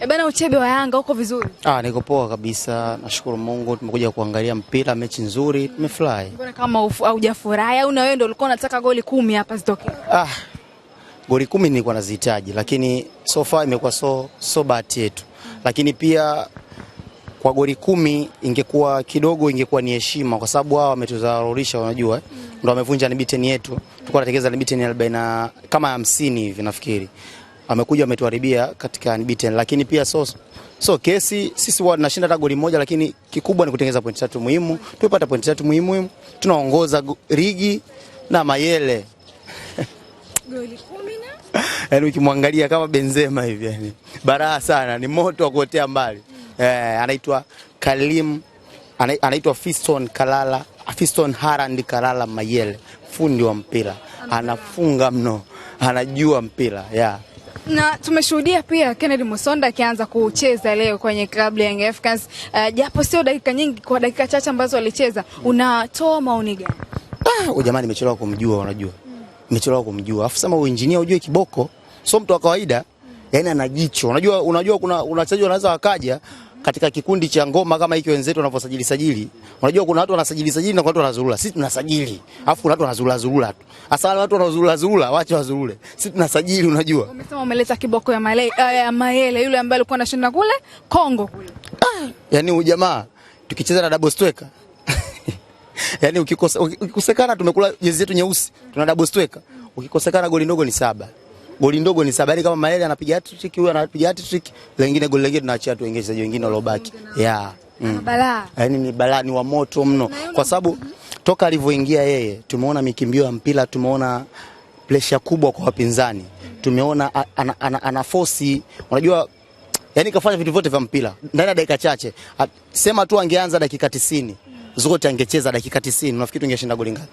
E bana, uchebe wa Yanga uko vizuri? Ah, niko poa kabisa, nashukuru Mungu. Tumekuja kuangalia mpira, mechi nzuri, tumefurahi. Mbona kama hujafurahi au na wewe ndio ulikuwa unataka goli kumi hapa zitoke? Ah, goli kumi nilikuwa nazihitaji, lakini so far imekuwa so, so bahati yetu hmm. Lakini pia kwa goli kumi ingekuwa kidogo, ingekuwa ni heshima, kwa sababu hao wametudharurisha, unajua mm. Ndio wamevunja nibiteni yetu, tulikuwa tunatekeleza nibiteni 40 kama 50 hivi nafikiri amekuja ametuharibia katika unbeaten, lakini pia so, so kesi sisi tunashinda hata goli moja, lakini kikubwa ni kutengeneza pointi tatu muhimu. Tupata pointi tatu muhimu, tunaongoza ligi na Mayele goli kumi na yani ukimwangalia kama Benzema hivi yani baraa sana, ni moto wa kuotea mbali mm. Eh, anaitwa Kalim anaitwa Fiston Kalala, Fiston Harand Kalala Mayele, fundi wa mpira, anafunga mno, anajua mpira yeah na tumeshuhudia pia Kennedy Musonda akianza kucheza leo kwenye klabu ya Young Africans uh, japo sio dakika nyingi, kwa dakika chache ambazo alicheza. Unatoa maoni gani? Ah, jamani, nimechelewa kumjua, unajua nimechelewa kumjua, afu sema uinjinia ujue kiboko, sio mtu wa kawaida, yani ana jicho. Unajua, unajua kuna wachezaji wanaweza wakaja katika kikundi cha ngoma kama hiki wenzetu wanavyosajili sajili. Unajua kuna watu wanasajili sajili na kuna watu wanazurura. Sisi tunasajili. Alafu kuna watu wanazurura zurura tu. Hasa wale watu wanazurura zurura waache wazurure. Sisi tunasajili unajua. Umesema umeleta kiboko ya uh, ya Mayele yule ambaye alikuwa anashinda kule Kongo kule. Ah, yani huyu jamaa tukicheza na double striker. yani ukikosekana tumekula jezi yetu nyeusi, tuna double striker. Ukikosekana goli ndogo ni saba goli ndogo ni sabani, kama Malele anapiga hat-trick, huyu anapiga hat-trick, lengine goli lengine tunaachia tu wengine wachezaji wengine waliobaki. Yeah. Mm. Balaa. Yaani ni balaa ni wa moto mno kwa sababu toka alivyoingia yeye tumeona mikimbio ya mpira, tumeona presha kubwa kwa wapinzani, tumeona ana, ana, ana, ana force, unajua yani kafanya vitu vyote vya mpira ndani ya dakika chache. Sema tu angeanza dakika 90 zote angecheza dakika 90, unafikiri tungeshinda goli ngapi?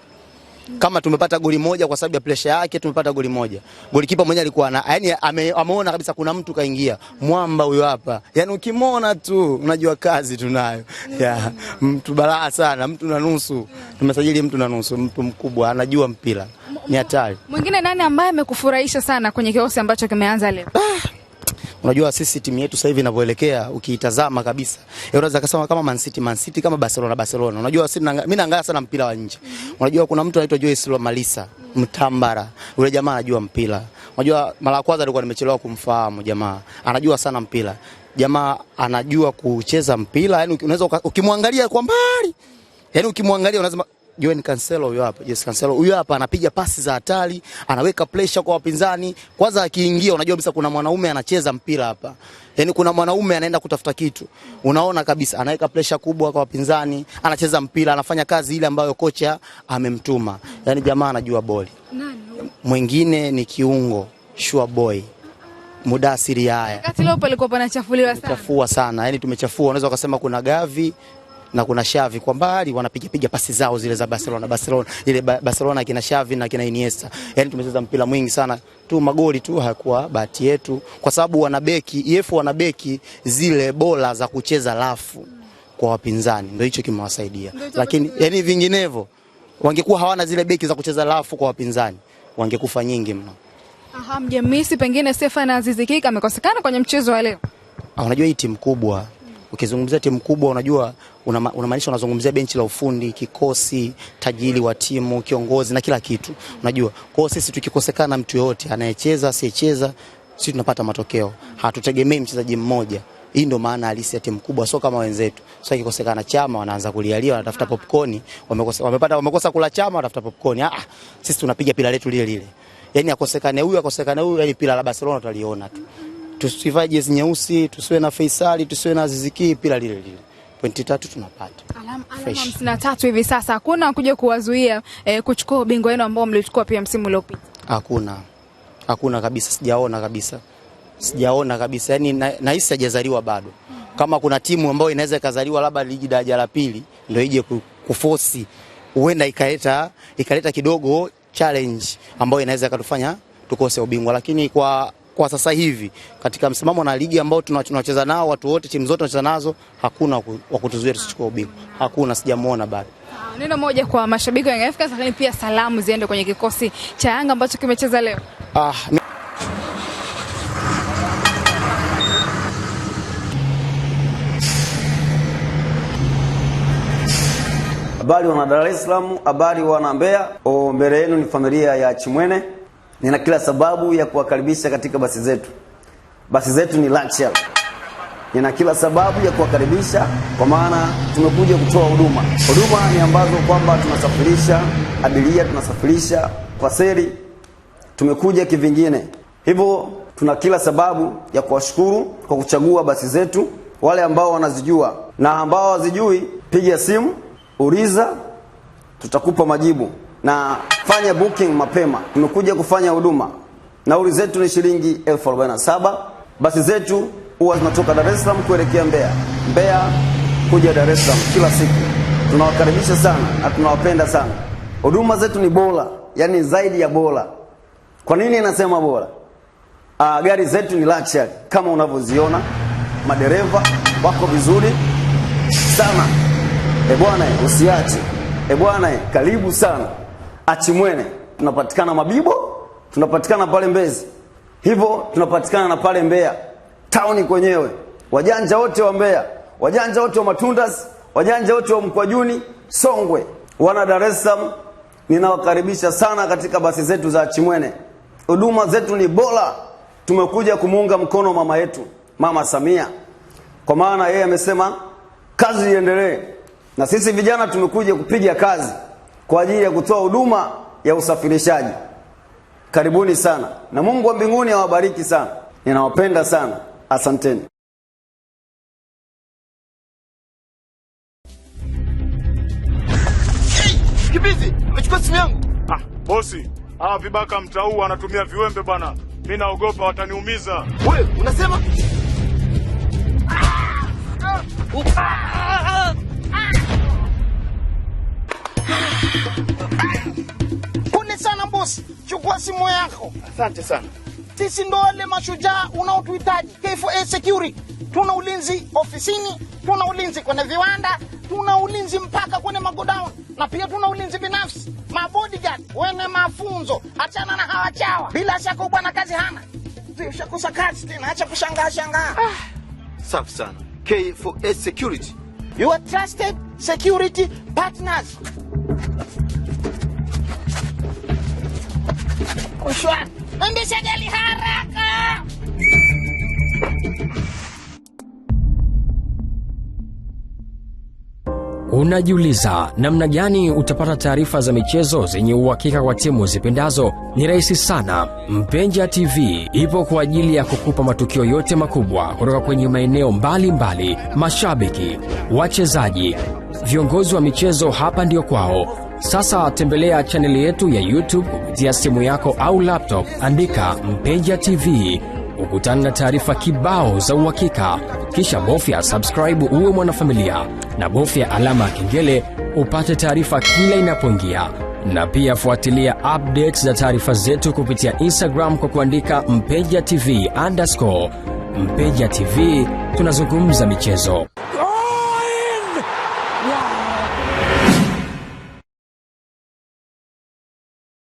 kama tumepata goli moja kwa sababu ya pressure yake, tumepata goli moja. Golikipa mwenyewe alikuwa na yani ame, ameona kabisa kuna mtu kaingia. Mwamba huyo hapa. Yani ukimwona tu unajua kazi tunayo. Mm. Yeah. Mtu balaa sana, mtu na nusu. Tumesajili mtu na nusu, mtu mkubwa anajua mpira. Ni hatari. Mwingine nani ambaye amekufurahisha sana kwenye kikosi ambacho kimeanza leo? Ah. Unajua sisi timu yetu sasa hivi inavyoelekea ukiitazama kabisa, eh, unaweza kusema kama Man City, Man City kama Barcelona, Barcelona. Unajua sisi mimi naangalia sana mpira wa nje. Mhm. Unajua kuna mtu anaitwa Joyce Lomalisa mhm. Mtambara, yule jamaa anajua mpira. Unajua mara ya kwanza alikuwa nimechelewa kumfahamu jamaa, anajua sana mpira. Jamaa anajua kucheza mpira, yani unaweza ukimwangalia kwa mbali, yani ukimwangalia unasema Joen Cancelo huyo hapa. Yes, Cancelo huyo hapa anapiga pasi za hatari, anaweka pressure kwa wapinzani. Kwanza akiingia unajua kabisa kuna mwanaume anacheza mpira hapa. Yaani kuna mwanaume anaenda kutafuta kitu. Unaona kabisa anaweka pressure kubwa kwa wapinzani, anacheza mpira, anafanya kazi ile ambayo kocha amemtuma. Yaani jamaa anajua boli. Nani? Mwingine ni kiungo Sure Boy. Mudasiri haya. Wakati leo palikuwa panachafuliwa sana. Chafua sana. Yaani tumechafua. Unaweza ukasema kuna Gavi, na kuna Xavi kwa mbali wanapiga piga pasi zao zile za Barcelona Barcelona ile ba, Barcelona kina Xavi na kina Iniesta. Yani tumecheza mpira mwingi sana tu, magoli tu hakuwa bahati yetu, kwa sababu wana beki EF wana beki zile bola za kucheza rafu kwa wapinzani, ndio hicho kimewasaidia, lakini yani vinginevyo wangekuwa hawana zile beki za kucheza rafu kwa wapinzani wangekufa nyingi mno. Aha, mjemisi pengine Stefan Aziziki amekosekana kwenye mchezo wa leo. Ah, unajua hii timu kubwa Ukizungumzia timu kubwa, unajua unamaanisha unazungumzia benchi la ufundi, kikosi, tajiri wa timu, kiongozi na kila kitu, unajua. Kwa hiyo sisi tukikosekana mtu yoyote anayecheza asiyecheza, sisi tunapata matokeo, hatutegemei mchezaji mmoja. Hii ndio maana halisi ya timu kubwa, sio kama wenzetu. Sasa so, ikikosekana Chama wanaanza kulialia, wanatafuta popcorn, wamekosa wamepata wamekosa kula Chama, wanatafuta popcorn. Ah, sisi tunapiga pila letu lile lile, yani akosekane huyu akosekane huyu, yani pila la Barcelona tutaliona tu tusivae jezi nyeusi, tusiwe na Faisali, tusiwe na zizikii pila lile lile pointi tatu tunapata hamsini na tatu hivi sasa. Hakuna kuja kuwazuia e, kuchukua ubingwa wenu ambao mlichukua pia msimu uliopita. Hakuna, hakuna kabisa, sijaona kabisa, sijaona kabisa. Yani nahisi hajazaliwa bado. Kama kuna timu ambayo inaweza ikazaliwa labda ligi daraja la pili ndio ije kufosi, huenda ikaleta ikaleta kidogo challenge ambayo inaweza ikatufanya tukose ubingwa, lakini kwa kwa sasa hivi katika msimamo na ligi ambao tunacheza nao, watu wote, timu zote tunacheza nazo, hakuna wa kutuzuia tusichukue ubingwa, hakuna, sijamuona bado. Neno moja kwa mashabiki wa Young Africans, lakini pia salamu ziende kwenye kikosi cha Yanga ambacho kimecheza leo. Ah, habari wana Dar es Salaam, habari wana Mbeya, mbele yenu ni familia ya Chimwene. Nina kila sababu ya kuwakaribisha katika basi zetu. Basi zetu ni luxury. Nina kila sababu ya kuwakaribisha kwa maana tumekuja kutoa huduma. Huduma ni ambazo kwamba tunasafirisha abiria, tunasafirisha kwa seri, tumekuja kivingine. Hivyo tuna kila sababu ya kuwashukuru kwa kuchagua basi zetu. Wale ambao wanazijua na ambao hawazijui, piga simu, uliza, tutakupa majibu na fanya booking mapema. Umekuja kufanya huduma, nauli zetu ni shilingi elfu arobaini na saba. Basi zetu huwa zinatoka Dar es Salaam kuelekea Mbeya, Mbeya kuja Dar es Salaam kila siku. Tunawakaribisha sana na tunawapenda sana. Huduma zetu ni bora, yani zaidi ya bora. Kwa nini nasema bora? Uh, gari zetu ni luxury kama unavyoziona, madereva wako vizuri sana. E bwana, usiache. E bwana, karibu sana. Achimwene tunapatikana Mabibo, tunapatikana pale Mbezi, hivyo tunapatikana na pale Mbeya tauni kwenyewe. Wajanja wote wa Mbeya, wajanja wote wa Matundas, wajanja wote wa Mkwajuni, Songwe, wana Dar es Salaam, ninawakaribisha sana katika basi zetu za Achimwene. Huduma zetu ni bora. Tumekuja kumuunga mkono mama yetu, Mama Samia, kwa maana yeye amesema kazi iendelee, na sisi vijana tumekuja kupiga kazi kwa ajili ya kutoa huduma ya usafirishaji. Karibuni sana na Mungu wa mbinguni awabariki sana. Ninawapenda sana, asanteni. Ah, bosi, hawa vibaka mtau wanatumia viwembe bwana. mi naogopa wataniumiza. Wewe unasema? Ah! Ah! simu yako. Asante sana. Sisi ndo wale mashujaa unaotuhitaji. k Security, tuna ulinzi ofisini, tuna ulinzi kwenye viwanda, tuna ulinzi mpaka kwenye magodown, na pia tuna ulinzi binafsi, mabodyguard wene mafunzo. Achana na hawachawa, bila shaka bwana kazi hana ushakosa kazi tena, acha kushangaa shangaa. Ah, safi sana. k Security, your trusted security partners. kushwa. Endesha gari haraka. Unajiuliza namna gani utapata taarifa za michezo zenye uhakika kwa timu zipendazo? Ni rahisi sana. Mpenja TV ipo kwa ajili ya kukupa matukio yote makubwa kutoka kwenye maeneo mbalimbali, mashabiki, wachezaji, viongozi wa michezo, hapa ndio kwao sasa tembelea chaneli yetu ya YouTube kupitia simu yako au laptop, andika mpeja TV ukutana na taarifa kibao za uhakika, kisha bofya subscribe uwe mwanafamilia na bofya alama ya kengele upate taarifa kila inapoingia, na pia fuatilia updates za taarifa zetu kupitia Instagram kwa kuandika Mpeja TV underscore. Mpeja TV tunazungumza michezo.